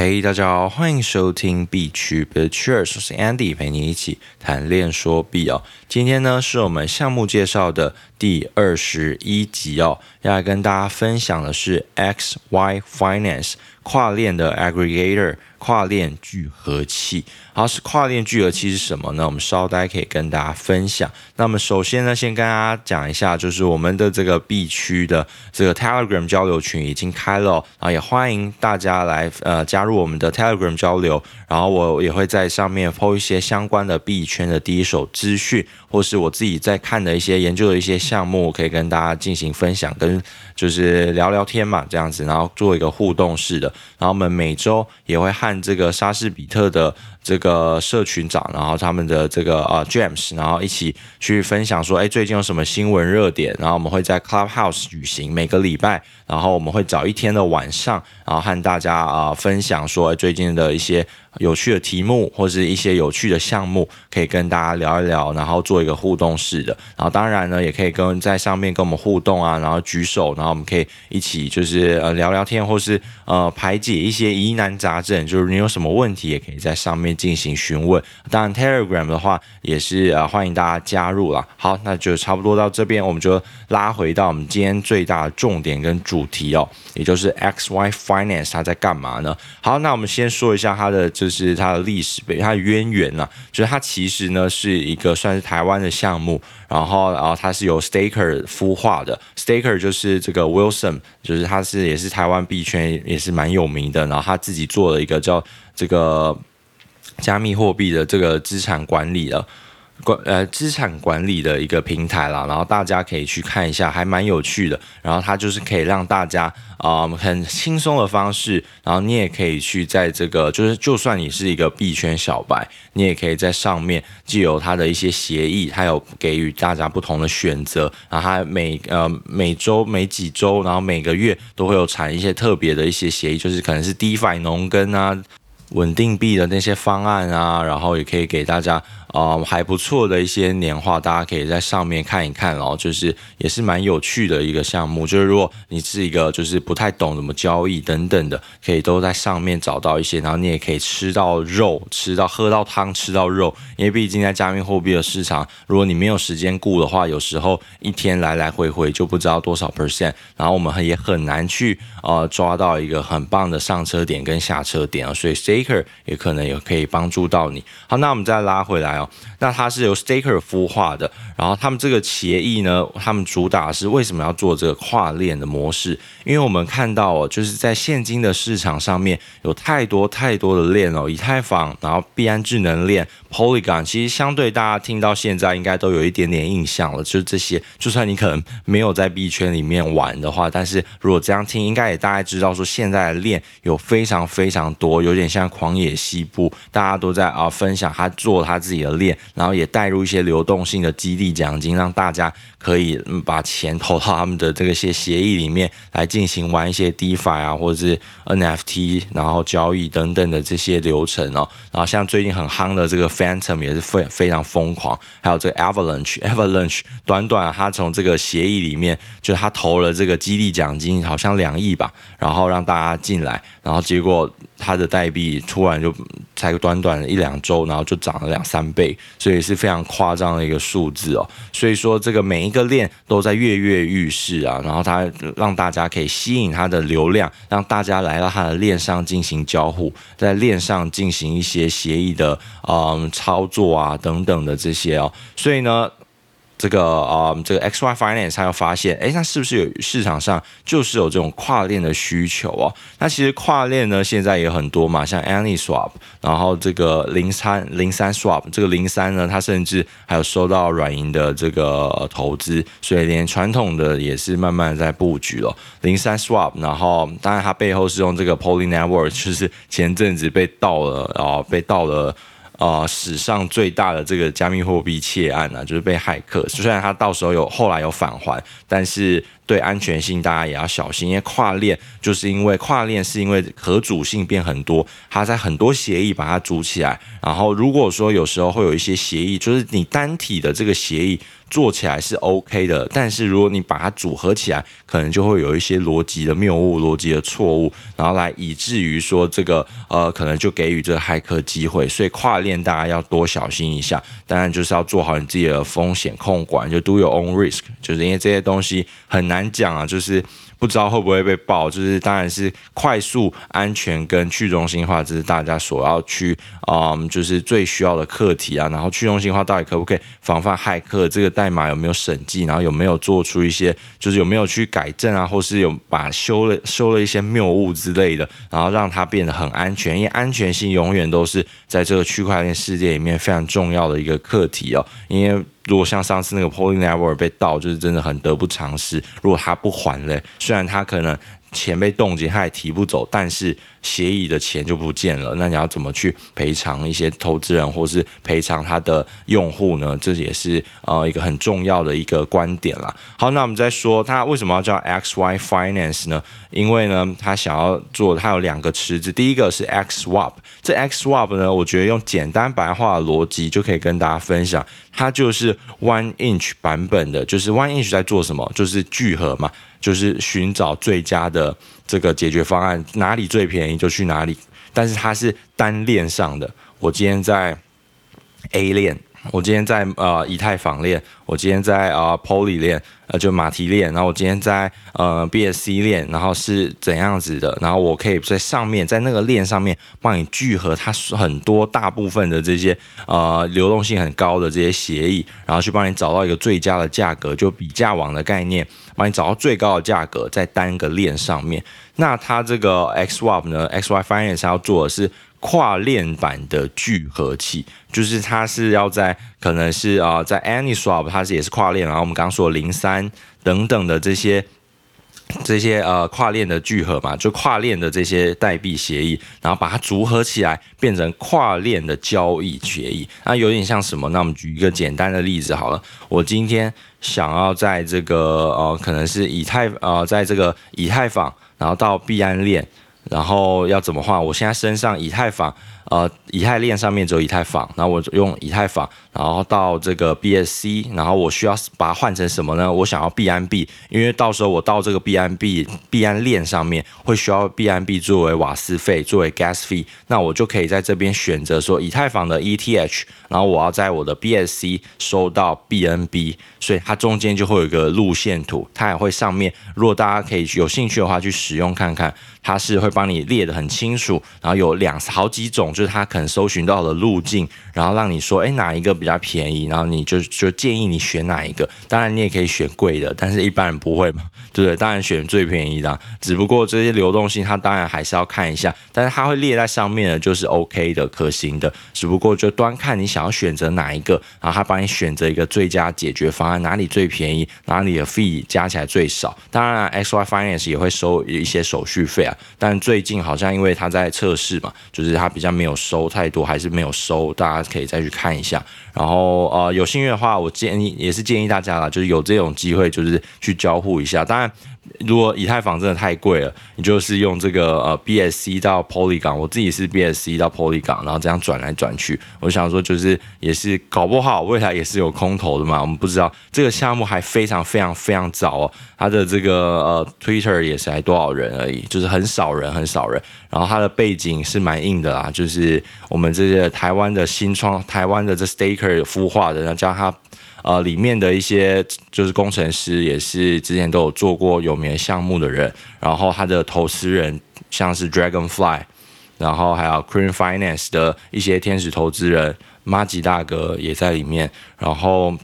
嘿，hey, 大家好，歡迎收聽幣趨，BitCheers，B 我是 Andy，陪你一起談戀說幣哦。今天呢，是我們項目介紹的第二十一集哦，要來跟大家分享的是 XY Finance。跨鏈的 aggregator，跨鏈聚合器，好，是跨鏈聚合器是什麼呢？我們稍待可以跟大家分享。那麼首先呢，先跟大家講一下，就是我們的這個幣圈的這個 Telegram 交流群已經開了，喔，啊，也歡迎大家來呃加入我們的 Telegram 交流。然後我也會在上面拋一些相關的 B 圈的第一手資訊，或是我自己在看的一些研究的一些項目，可以跟大家進行分享跟，跟就是聊聊天嘛，這樣子，然後做一個互動式的。然後我們每周也會和這個莎士比特的，這個社群長，然後他們的這個呃 James，、啊、然後一起去分享說，哎，最近有什麼新聞熱點？然後我們會在 Clubhouse 舉行每個禮拜，然後我們會找一天的晚上，然後和大家啊、呃、分享說最近的一些有趣的題目，或是一些有趣的項目，可以跟大家聊一聊，然後做一個互動式的。然後當然呢，也可以跟在上面跟我們互動啊，然後舉手，然後我們可以一起就是呃聊聊天，或是呃排解一些疑難雜症，就是你有什麼問題，也可以在上面。進行詢問，當然 Telegram 的話也是啊、呃，歡迎大家加入啦。好，那就差不多到這邊，我們就拉回到我們今天最大的重點跟主題哦，也就是 XY Finance 它在幹嘛呢？好，那我們先說一下它的就是它的歷史背景、它的淵源啊，就是它其實呢是一個算是台灣的項目，然後然後它是由 Staker 孵化的，Staker 就是這個 Wilson，就是他是也是台灣幣圈也是蠻有名的，然後他自己做了一個叫這個。加密貨幣的這個資產管理的管呃，資產管理的一個平台啦，然後大家可以去看一下，還蠻有趣的。然後它就是可以讓大家啊、呃、很輕鬆的方式，然後你也可以去在這個就是就算你是一個幣圈小白，你也可以在上面既有它的一些協議，它有給予大家不同的選擇。然後它每呃，每周每幾周，然後每個月都會有產一些特別的一些協議，就是可能是 DeFi 農耕啊。穩定幣的那些方案啊，然後也可以給大家啊、呃、還不錯的一些年化，大家可以在上面看一看哦。就是也是蠻有趣的一個項目，就是如果你是一個就是不太懂怎麼交易等等的，可以都在上面找到一些，然後你也可以吃到肉，吃到喝到湯，吃到肉。因為畢竟在加密貨幣的市場，如果你沒有時間顧的話，有時候一天來來回回就不知道多少 percent，然後我們也很難去呃抓到一個很棒的上車點跟下車點啊，所以這。Staker 也可能也可以幫助到你。好，那我們再拉回來哦。那它是由 Staker 孵化的，然後他們這個協議呢，他們主打是為什麼要做這個跨鏈的模式？因為我們看到哦，就是在現今的市場上面有太多太多的鏈哦，以太坊，然後幣安智能鏈 Polygon，其實相對大家聽到現在應該都有一點點印象了，就是這些。就算你可能沒有在幣圈裡面玩的話，但是如果這樣聽，應該也大概知道說現在的鏈有非常非常多，有點像。狂野西部，大家都在啊分享他做他自己的鏈，然後也帶入一些流動性的激勵獎金，讓大家可以把錢投到他們的這個些協議裡面來進行玩一些 DeFi 啊，或者是 NFT，然後交易等等的這些流程哦、喔。然後像最近很夯的這個 Phantom 也是非非常瘋狂，還有這個 Avalanche，Avalanche 短短短，啊，他從這個協議裡面就是他投了這個激勵獎金好像兩億吧，然後讓大家進來，然後結果。它的代幣突然就才短短一兩周，然後就漲了兩三倍，所以是非常誇張的一個數字哦。所以說，這個每一個鏈都在躍躍欲試啊，然後它讓大家可以吸引它的流量，讓大家來到它的鏈上進行交互，在鏈上進行一些協議的嗯操作啊等等的這些哦。所以呢。這個啊，這個 X Y Finance 他又發現，哎，那是不是有市場上就是有這種跨鏈的需求啊？那其實跨鏈呢，現在也很多嘛，像 AnySwap，然後這個零三零三 Swap，這個零三呢，它甚至還有收到軟銀的這個投資，所以連傳統的也是慢慢在布局了。零三 Swap，然後當然它背後是用這個 Poly Network，就是前陣子被盜了啊，被盜了。啊，史上最大的這個加密貨幣竊案啊，就是被駭客。雖然他到時候有，後來有返還，但是。對安全性，大家也要小心，因為跨鏈就是因為跨鏈是因為可組性變很多，它在很多協議把它組起來。然後如果說有時候會有一些協議，就是你單體的這個協議做起來是 OK 的，但是如果你把它組合起來，可能就會有一些邏輯的謬誤、邏輯的錯誤，然後來以至於說這個呃，可能就給予這個駭客機會。所以跨鏈大家要多小心一下。當然就是要做好你自己的風險控管，就 do your own risk，就是因為這些東西很難。難講啊，就是不知道會不會被爆，就是當然是快速、安全跟去中心化，這是就是大家所要去啊、嗯，就是最需要的課題啊。然後去中心化到底可不可以防範駭客？這個代碼有沒有審計？然後有沒有做出一些，就是有沒有去改正啊，或是有把修了修了一些謬誤之類的，然後讓它變得很安全。因為安全性永遠都是在這個區塊鏈世界裡面非常重要的一個課題哦，因為。如果像上次那個 Poly Network 被盜，就是真的很得不償失。如果他不還嘞，雖然他可能。錢被凍結，他也提不走，但是協議的錢就不見了。那你要怎麼去賠償一些投資人，或是賠償他的用戶呢？這也是呃一個很重要的一個觀點啦。好，那我們再說他為什麼要叫 XY Finance 呢？因為呢，他想要做，他有兩個池子，第一個是 X Swap。這 X Swap 呢，我覺得用簡單白話邏輯就可以跟大家分享，它就是 One Inch 版本的，就是 One Inch 在做什麼，就是聚合嘛。就是尋找最佳的這個解決方案，哪裡最便宜就去哪裡。但是它是單鏈上的。我今天在 A 鏈，我今天在呃以太坊鏈，我今天在啊 Poly 鏈，呃，呃就馬蹄鏈。然後我今天在呃 BSC 鏈，然後是怎樣子的？然後我可以在上面，在那個鏈上面幫你聚合它很多大部分的這些呃流動性很高的這些協議，然後去幫你找到一個最佳的價格，就比價網的概念。幫你找到最高的價格在單個鏈上面，那它這個 X Swap 呢？XY Finance 要做的是跨鏈版的聚合器，就是它是要在可能是啊，在 Any Swap 它是也是跨鏈，然後我們剛剛說零三等等的這些。這些呃跨鏈的聚合嘛，就跨鏈的這些代幣協議，然後把它組合起來，變成跨鏈的交易協議。那有點像什麼？那我們舉一個簡單的例子好了。我今天想要在這個呃，可能是以太呃，在這個以太坊，然後到幣安鏈，然後要怎麼換？我現在身上以太坊。呃，以太鏈上面只有以太坊，然後我用以太坊，然後到這個 BSC，然後我需要把它換成什麼呢？我想要 BNB，因為到時候我到這個 BNB，幣安鏈上面會需要 BNB 作為瓦斯費，作為 gas fee，那我就可以在這邊選擇說以太坊的 ETH，然後我要在我的 BSC 收到 BNB，所以它中間就會有一個路線圖，它也會上面。如果大家可以有興趣的話去使用看看，它是會幫你列得很清楚，然後有兩好幾種。就是他可能搜尋到的路徑，然後讓你說，哎，哪一個比較便宜，然後你就就建議你選哪一個。當然你也可以選貴的，但是一般人不會嘛，對不對？當然選最便宜的啊。只不過這些流動性他當然還是要看一下，但是他會列在上面的，就是 OK 的、可行的。只不過就端看你想要選擇哪一個，然後他幫你選擇一個最佳解決方案，哪裡最便宜，哪裡的 fee 加起來最少。當然啊，XY Finance 也會收一些手續費啊，但最近好像因為他在測試嘛，就是他比較沒有。有收太多還是沒有收？大家可以再去看一下。然後呃有幸運的話，我建議也是建議大家啦，就是有這種機會就是去交互一下。當然，如果以太坊真的太貴了，你就是用這個呃 BSC 到 Polygon，我自己是 BSC 到 Polygon，然後這樣轉來轉去。我想說就是也是搞不好未來也是有空投的嘛，我們不知道這個項目還非常非常非常早哦，它的這個呃 Twitter 也是還多少人而已，就是很少人很少人。然後它的背景是蠻硬的啦，就是我們這些台灣的新創，台灣的這 Staker。有孵化的，然後加他，呃，裡面的一些就是工程師也是之前都有做過有名項目的人，然後他的投資人像是 Dragonfly，然後還有 Queen Finance 的一些天使投資人，馬吉大哥也在裡面。然後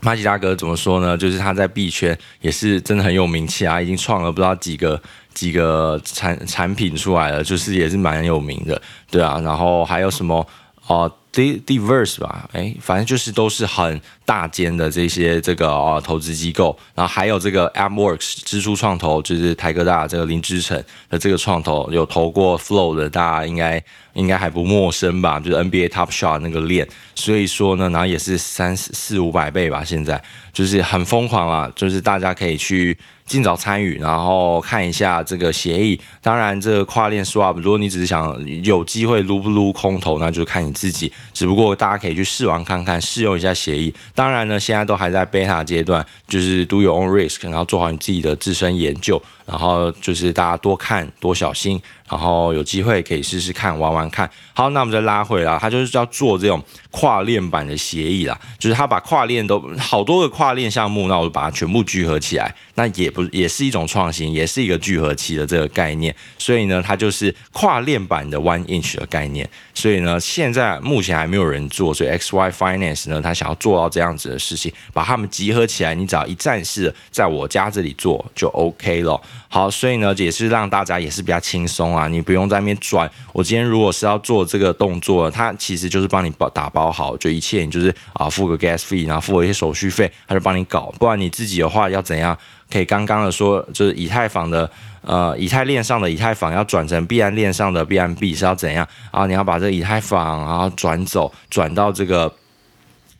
馬吉大哥怎麼說呢？就是他在幣圈也是真的很有名氣啊，已經創了不知道幾個幾個產產品出來了，就是也是蠻有名的，對啊。然後還有什麼哦？呃 D diverse 吧，哎，反正就是都是很大間的這些這個啊、哦、投資機構，然後還有這個 AppWorks 之初創投，就是台哥大這個林之晨的這個創投有投過 Flow 的，大家應該。應該還不陌生吧？就是 NBA Top Shot 那個鏈，所以說呢，然後也是三四五百倍吧。現在就是很瘋狂啦，就是大家可以去盡早參與，然後看一下這個協議。當然，這個跨鏈 Swap，如果你只是想有機會擼不擼空投，那就看你自己。只不過大家可以去試玩看看，試用一下協議。當然呢，現在都還在 Beta 階段，就是 Do your own risk，然後做好你自己的自身研究，然後就是大家多看多小心。然後有機會可以試試看玩玩看。好，那我們再拉回來，他就是要做這種跨鏈版的協議啦，就是他把跨鏈都好多個跨鏈項目，那我就把它全部聚合起來，那也不也是一種創新，也是一個聚合器的這個概念。所以呢，它就是跨鏈版的 One Inch 的概念。所以呢，現在目前還沒有人做，所以 XY Finance 呢，他想要做到這樣子的事情，把他們集合起來，你只要一站式的在我家這裡做就 OK 了。好，所以呢，也是讓大家也是比較輕鬆啊。啊，你不用在那邊轉。我今天如果是要做這個動作，它其實就是幫你包打包好，就一切你就是啊付個 gas fee，然後付個一些手續費，他就幫你搞。不然你自己的話要怎樣？可以剛剛的說，就是以太坊的呃，以太鏈上的以太坊要轉成幣安鏈上的幣安幣是要怎樣啊？然後你要把這個以太坊然後轉走，轉到這個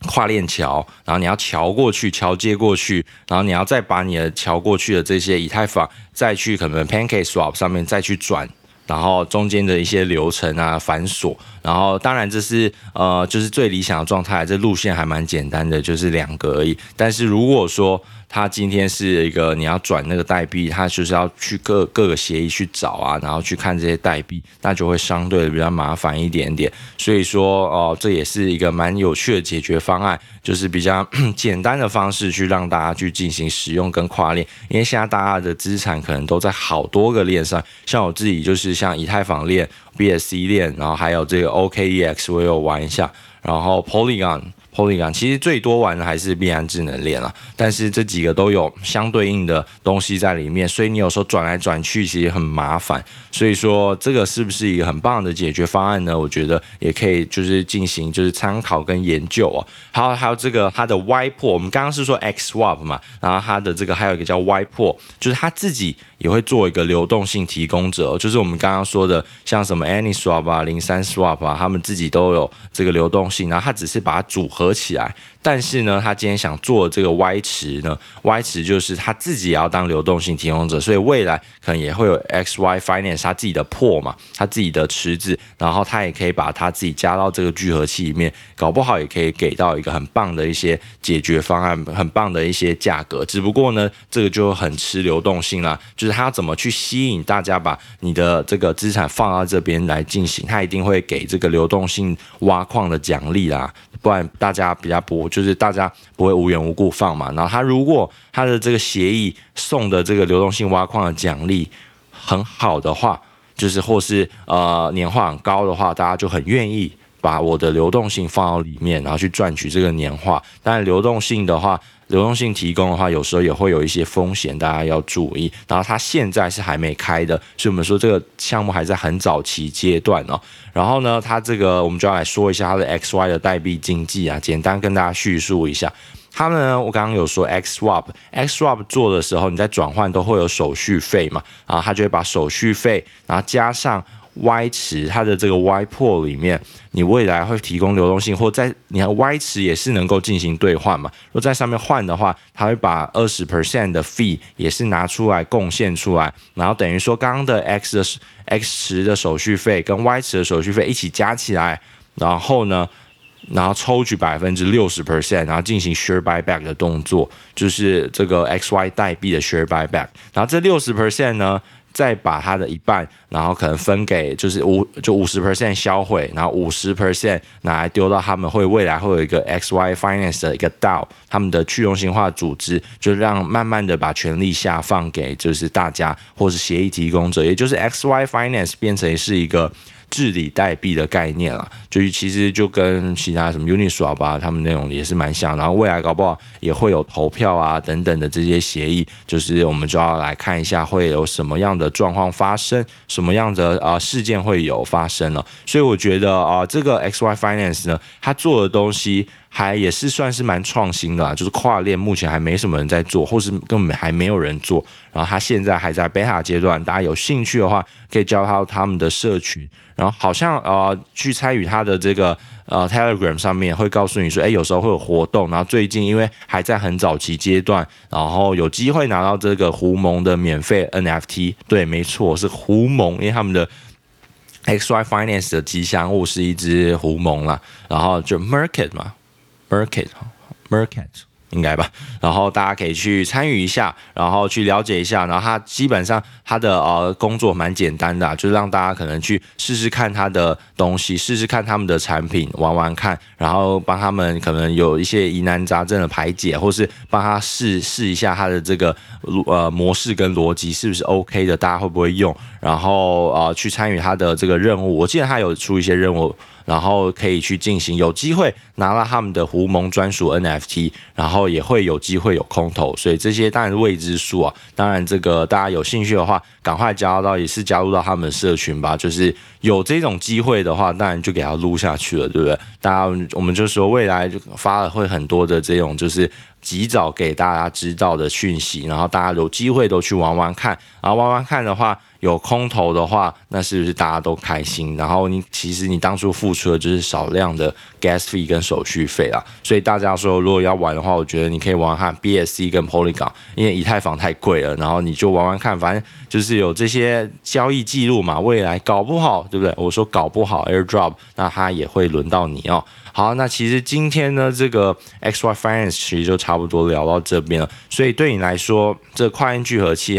跨鏈橋，然後你要橋過去，橋接過去，然後你要再把你的橋過去的這些以太坊再去可能 Pancake Swap 上面再去轉。然後中間的一些流程啊繁瑣，然後當然這是呃就是最理想的狀態，這路線還蠻簡單的，就是兩個而已。但是如果說，他今天是一個你要轉那個代幣，他就是要去各各個協議去找啊，然後去看這些代幣，那就會相對比較麻煩一點點。所以說，哦、呃，這也是一個蠻有趣的解決方案，就是比較 簡單的方式去讓大家去進行使用跟跨鏈。因為現在大家的資產可能都在好多個鏈上，像我自己就是像以太坊鏈、BSC 鏈，然後還有這個 OKEX、OK、我也有玩一下，然後 Polygon。Polygon 其實最多玩的還是幣安智能鏈了，但是這幾個都有相對應的東西在裡面，所以你有時候轉來轉去其實很麻煩，所以說，這個是不是一個很棒的解決方案呢？我覺得也可以，就是進行就是參考跟研究哦。還有還有，這個它的 Y Pool，我們剛剛是說 X Swap 嘛，然後它的這個還有一個叫 Y Pool，就是它自己。也會做一個流動性提供者，就是我們剛剛說的，像什麼 AnySwap 啊、零三 Swap 啊，他們自己都有這個流動性，然後他只是把它組合起來。但是呢，他今天想做這個 Y 池呢，Y 池就是他自己也要當流動性提供者，所以未來可能也會有 XY Finance，他自己的 pool 嘛，他自己的池子，然後他也可以把他自己加到這個聚合器裡面，搞不好也可以給到一個很棒的一些解決方案，很棒的一些價格。只不過呢，這個就很吃流動性了，就是。他怎麼去吸引大家把你的這個資產放到這邊來進行，他一定會給這個流動性挖礦的獎勵啦，不然大家比較不，就是大家不會無緣無故放嘛。那他如果他的這個協議送的這個流動性挖礦的獎勵很好的話，就是或是呃年化很高的話，大家就很願意。把我的流動性放到裡面，然後去賺取這個年化。但流動性的話，流動性提供的話，有時候也會有一些風險，大家要注意。然後它現在是還沒開的，所以我們說這個項目還在很早期階段哦。然後呢，它這個我們就要來說一下它的 X Y 的代幣經濟啊，簡單跟大家敘述一下。它呢，我剛剛有說 X Swap，X Swap 做的時候，你在轉換都會有手續費嘛，啊，它就會把手續費然後加上。Y 池它的這個 Y pool 裡面，你未來會提供流動性，或在你看 Y 池也是能夠進行兌換嘛？若在上面換的話，它會把二十 percent 的 fee 也是拿出來貢獻出來，然後等於說剛剛的 X 的 X 池的手續費跟 Y 池的手續費一起加起來，然後呢，然後抽取百分之六十 percent，然後進行 share buyback 的動作，就是這個 X Y 代幣的 share buyback，然後這六十 percent 呢？再把它的一半，然後可能分給，就是五就五十 percent 銷毀，然後五十 percent 拿來丟到他們會未來會有一個 X Y Finance 的一個 DAO，他們的去中心化組織，就讓慢慢的把權力下放給就是大家，或是協議提供者，也就是 X Y Finance 變成是一個治理代幣的概念了。所以其實就跟其他什麼 Uniswap 啊，他們那種也是蠻像。然後未來搞不好也會有投票啊等等的這些協議，就是我們就要來看一下會有什麼樣的狀況發生，什麼樣的啊、呃、事件會有發生了、啊。所以我覺得啊、呃，這個 XY Finance 呢，他做的東西還也是算是蠻創新的、啊，就是跨鏈目前還沒什麼人在做，或是根本還沒有人做。然後他現在還在 beta 階段，大家有興趣的話可以加入他們的社群。然後好像啊、呃、去參與他。它的這個呃 Telegram 上面會告訴你說，誒、欸，有時候會有活動，然後最近因為還在很早期階段，然後有機會拿到這個胡蒙的免費 NFT。對，沒錯，是胡蒙，因為他們的 XY Finance 的吉祥物是一隻胡蒙啦，然後就 Market 嘛，Market，Market。嗯 Market 應該吧，然後大家可以去參與一下，然後去了解一下，然後他基本上他的呃工作蠻簡單的，啊，就是讓大家可能去試試看他的東西，試試看他們的產品，玩玩看，然後幫他們可能有一些疑難雜症的排解，或是幫他試試一下他的這個呃模式跟邏輯是不是 OK 的，大家會不會用，然後呃去參與他的這個任務，我記得他有出一些任務。然後可以去進行，有機會拿到他們的胡蒙專屬 NFT，然後也會有機會有空投，所以這些當然是未知數啊。當然，這個大家有興趣的話，趕快加入到也是加入到他們的社群吧。就是有這種機會的話，當然就給他擼下去了，對不對？大家我們就說未來就發了會很多的這種，就是。及早給大家知道的訊息，然後大家有機會都去玩玩看，然後玩玩看的話，有空投的話，那是不是大家都開心？然後你其實你當初付出的就是少量的 gas fee 跟手續費啊，所以大家說如果要玩的話，我覺得你可以玩玩看 BSC 跟 Polygon，因為以太坊太貴了，然後你就玩玩看，反正就是有這些交易記錄嘛，未來搞不好，對不對？我說搞不好 Airdrop，那它也會輪到你哦。好，那其實今天呢，這個 X Y Finance 其實就差不多聊到這邊了。所以對你來說，這個、跨鏈聚合器，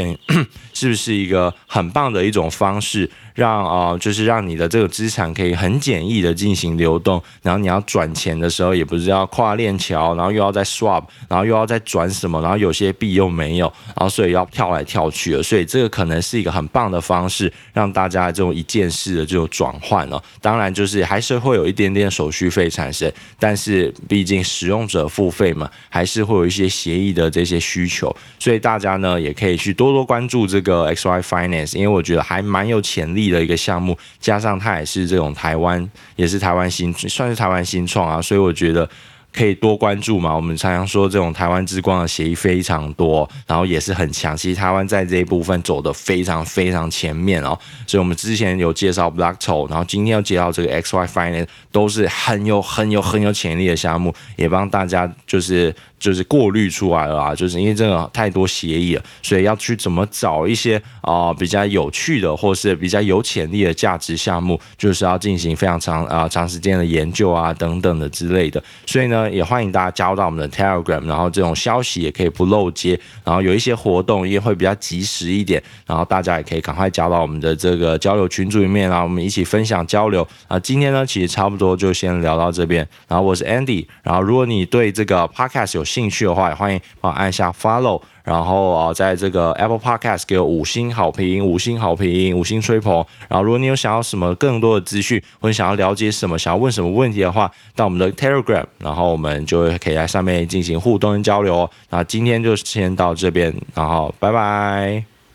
是不是一個很棒的一種方式，讓啊、哦，就是讓你的這個資產可以很簡易的進行流動，然後你要轉錢的時候，也不是要跨鏈橋，然後又要再 swap，然後又要再轉什麼，然後有些幣又沒有，然後所以要跳來跳去的。所以這個可能是一個很棒的方式，讓大家這種一鍵式的這種轉換哦，當然，就是還是會有一點點手續費產生，但是畢竟使用者付費嘛，還是會有一些協議的這些需求，所以大家呢也可以去多多關注這個。呃，XY Finance，因為我覺得還蠻有潛力的一個項目，加上它也是這種台灣，也是台灣新，算是台灣新創啊，所以我覺得。可以多關注嘛？我們常常說這種台灣之光的協議非常多，然後也是很強。其實台灣在這一部分走的非常非常前面哦、喔。所以我們之前有介紹 Blocto，然後今天要介紹這個 XY Finance，都是很有很有很有潛力的項目，也幫大家就是就是過濾出來了。啊，就是因為這個太多協議了，所以要去怎麼找一些啊、呃、比較有趣的，或是比較有潛力的價值項目，就是要進行非常長啊、呃、長時間的研究啊等等的之類的。所以呢。也歡迎大家加入到我們的 Telegram，然後這種消息也可以不漏接，然後有一些活動也會比較及時一點，然後大家也可以趕快加到我們的這個交流群組裡面，然後我們一起分享交流。啊，今天呢其實差不多就先聊到這邊，然後我是 Andy，然後如果你對這個 Podcast 有興趣的話，也歡迎幫我按下 Follow。然後啊，在這個 Apple Podcast 給我五星好評，五星好評，五星吹捧。然後，如果你有想要什麼更多的資訊，或者想要了解什麼，想要問什麼問題的話，到我們的 Telegram，然後我們就可以在上面進行互動交流哦。那今天就先到這邊，然後拜拜。